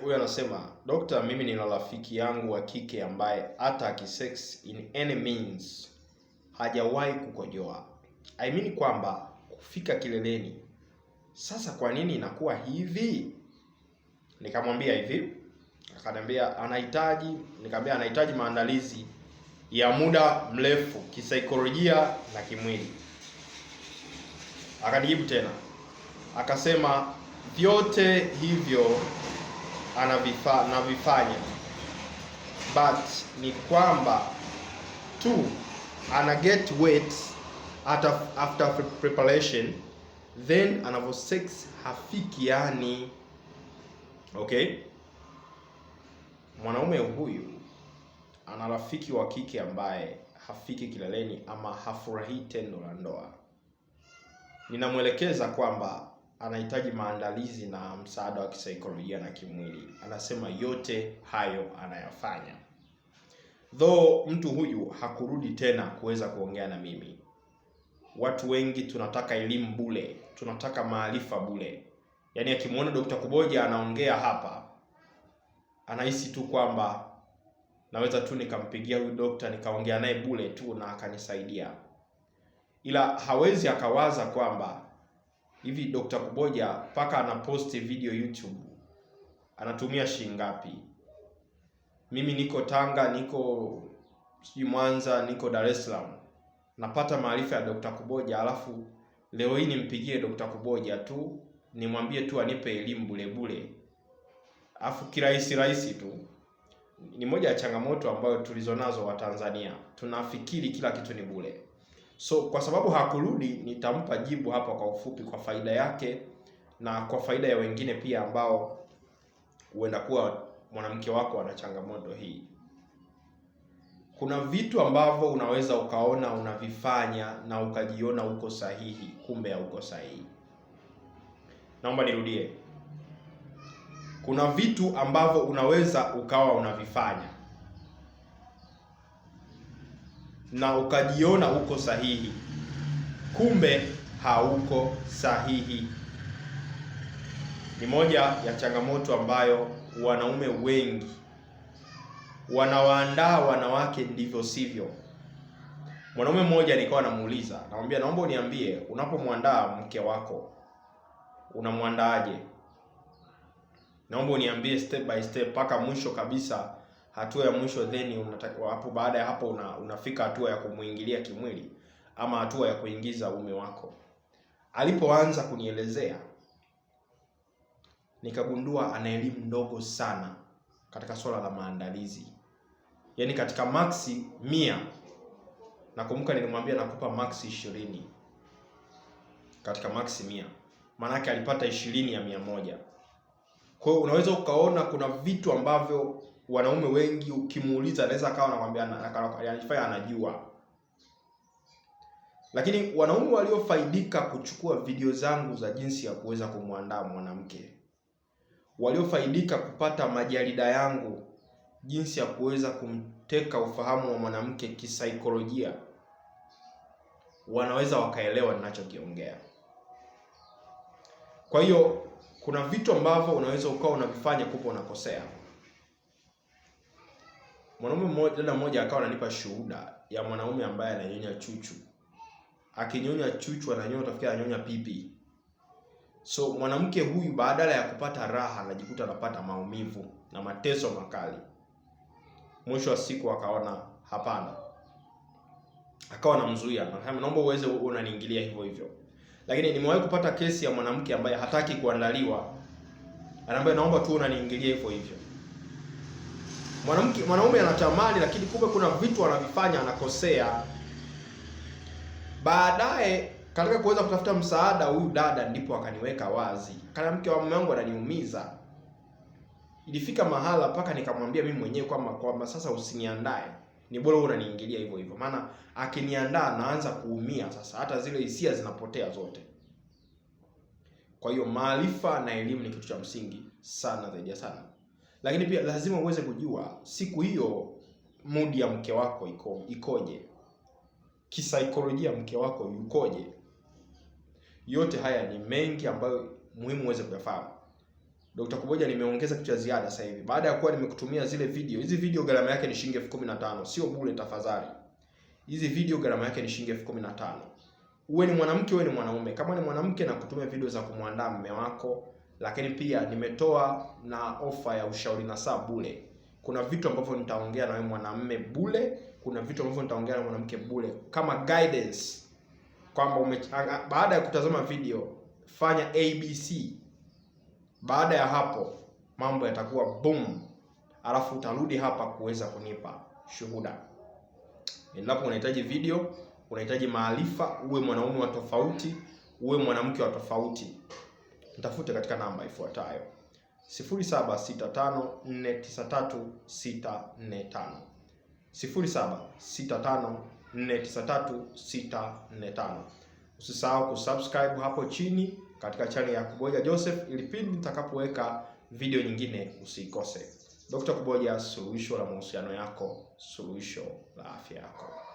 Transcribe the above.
huyu anasema dokta, mimi nina rafiki yangu wa kike ambaye hata akisex in any means hajawahi kukojoa. I mean kwamba kufika kileleni. Sasa kwa nini inakuwa hivi? Nikamwambia hivi, akaniambia anahitaji, nikamwambia anahitaji maandalizi ya muda mrefu kisaikolojia na kimwili. Akanijibu tena akasema vyote hivyo anavifanya but ni kwamba tu ana get weight after, after preparation then anavo sex hafiki yani. Okay, mwanaume huyu ana rafiki wa kike ambaye hafiki kileleni ama hafurahii tendo la ndoa. Ninamwelekeza kwamba anahitaji maandalizi na msaada wa kisaikolojia na kimwili. Anasema yote hayo anayafanya. Though mtu huyu hakurudi tena kuweza kuongea na mimi. Watu wengi tunataka elimu bule tunataka maarifa bule Yaani akimwona Dr. Kuboja anaongea hapa, anahisi tu kwamba naweza tu nikampigia huyu dokta nikaongea naye bule tu na akanisaidia, ila hawezi akawaza kwamba hivi Dr. Kuboja mpaka anaposti video YouTube anatumia shilingi ngapi? Mimi niko Tanga, niko sijui Mwanza, niko Dar es Salaam, napata maarifa ya Dr. Kuboja, alafu leo hii nimpigie Dr. Kuboja tu nimwambie tu anipe elimu bure bure, alafu kirahisi rahisi tu. Ni moja ya changamoto ambayo tulizonazo Watanzania, tunafikiri kila kitu ni bure. So kwa sababu hakurudi, nitampa jibu hapa kwa ufupi, kwa faida yake na kwa faida ya wengine pia ambao huenda kuwa mwanamke wako ana changamoto hii. Kuna vitu ambavyo unaweza ukaona unavifanya na ukajiona uko sahihi, kumbe hauko sahihi. Naomba nirudie, kuna vitu ambavyo unaweza ukawa unavifanya na ukajiona uko sahihi, kumbe hauko sahihi. Ni moja ya changamoto ambayo wanaume wengi wanawaandaa wanawake ndivyo sivyo. Mwanaume mmoja nikawa namuuliza, namwambia, naomba uniambie, unapomwandaa mke wako unamwandaaje? Naomba uniambie step by step mpaka mwisho kabisa hatua ya mwisho, then hapo, baada ya hapo una, unafika hatua ya kumuingilia kimwili ama hatua ya kuingiza uume wako. Alipoanza kunielezea nikagundua ana elimu ndogo sana katika swala la maandalizi, yaani katika maxi mia nakumbuka nilimwambia nakupa maxi ishirini katika maxi mia, maanake alipata ishirini ya mia moja. Kwa hiyo unaweza ukaona kuna vitu ambavyo wanaume wengi ukimuuliza anaweza akawa anakwambia anajifanya anajua, lakini wanaume waliofaidika kuchukua video zangu za jinsi ya kuweza kumwandaa mwanamke, waliofaidika kupata majarida yangu jinsi ya kuweza kumteka ufahamu wa mwanamke kisaikolojia, wanaweza wakaelewa ninachokiongea. Kwa hiyo kuna vitu ambavyo unaweza ukawa unavifanya kupo unakosea. Mwanaume mmoja, dada mmoja akawa ananipa shuhuda ya mwanaume ambaye ananyonya chuchu. Akinyonya chuchu ananyonya, utafikia ananyonya pipi. So mwanamke huyu badala ya kupata raha anajikuta anapata maumivu na mateso makali. Mwisho wa siku akaona hapana, akawa namzuia, naomba uweze unaniingilia hivyo hivyo. Lakini nimewahi kupata kesi ya mwanamke ambaye hataki kuandaliwa, anaambia naomba tu unaniingilia hivyo hivyo mwanamke mwanaume anatamani, lakini kumbe kuna vitu anavifanya anakosea. Baadaye katika kuweza kutafuta msaada, huyu dada ndipo akaniweka wazi, kana mke wa mume wangu ananiumiza. Ilifika mahala mpaka nikamwambia mimi mwenyewe kwamba kwamba sasa usiniandae, ni bora unaniingilia hivyo hivyo, maana akiniandaa naanza kuumia sasa, hata zile hisia zinapotea zote. Kwa hiyo maarifa na elimu ni kitu cha msingi sana zaidi sana. Lakini pia lazima uweze kujua siku hiyo mudi ya mke wako iko ikoje, kisaikolojia mke wako yukoje. Yote haya ni mengi ambayo muhimu uweze kuyafahamu. Dr. Kuboja nimeongeza kitu cha ziada sasa hivi. Baada ya kuwa nimekutumia zile video, hizi video gharama yake ni shilingi elfu kumi na tano, sio bure tafadhali. Hizi video gharama yake ni shilingi elfu kumi na tano. Uwe ni mwanamke uwe ni mwanaume. Kama ni mwanamke na kutumia video za kumwandaa mume wako, lakini pia nimetoa na ofa ya ushauri na saa bure. Kuna vitu ambavyo nitaongea na wewe mwanamume bure, kuna vitu ambavyo nitaongea na mwanamke bure, kama guidance kwamba baada ya kutazama video fanya ABC. Baada ya hapo mambo yatakuwa boom, alafu utarudi hapa kuweza kunipa shuhuda. Endapo unahitaji video, unahitaji maarifa, uwe mwanaume wa tofauti, uwe mwanamke wa tofauti. Mtafute katika namba ifuatayo 0765493645, 0765493645. Usisahau kusubscribe hapo chini katika channel ya Kuboja Joseph ili pindi nitakapoweka video nyingine usikose. Dr. Kuboja, suluhisho la mahusiano yako, suluhisho la afya yako.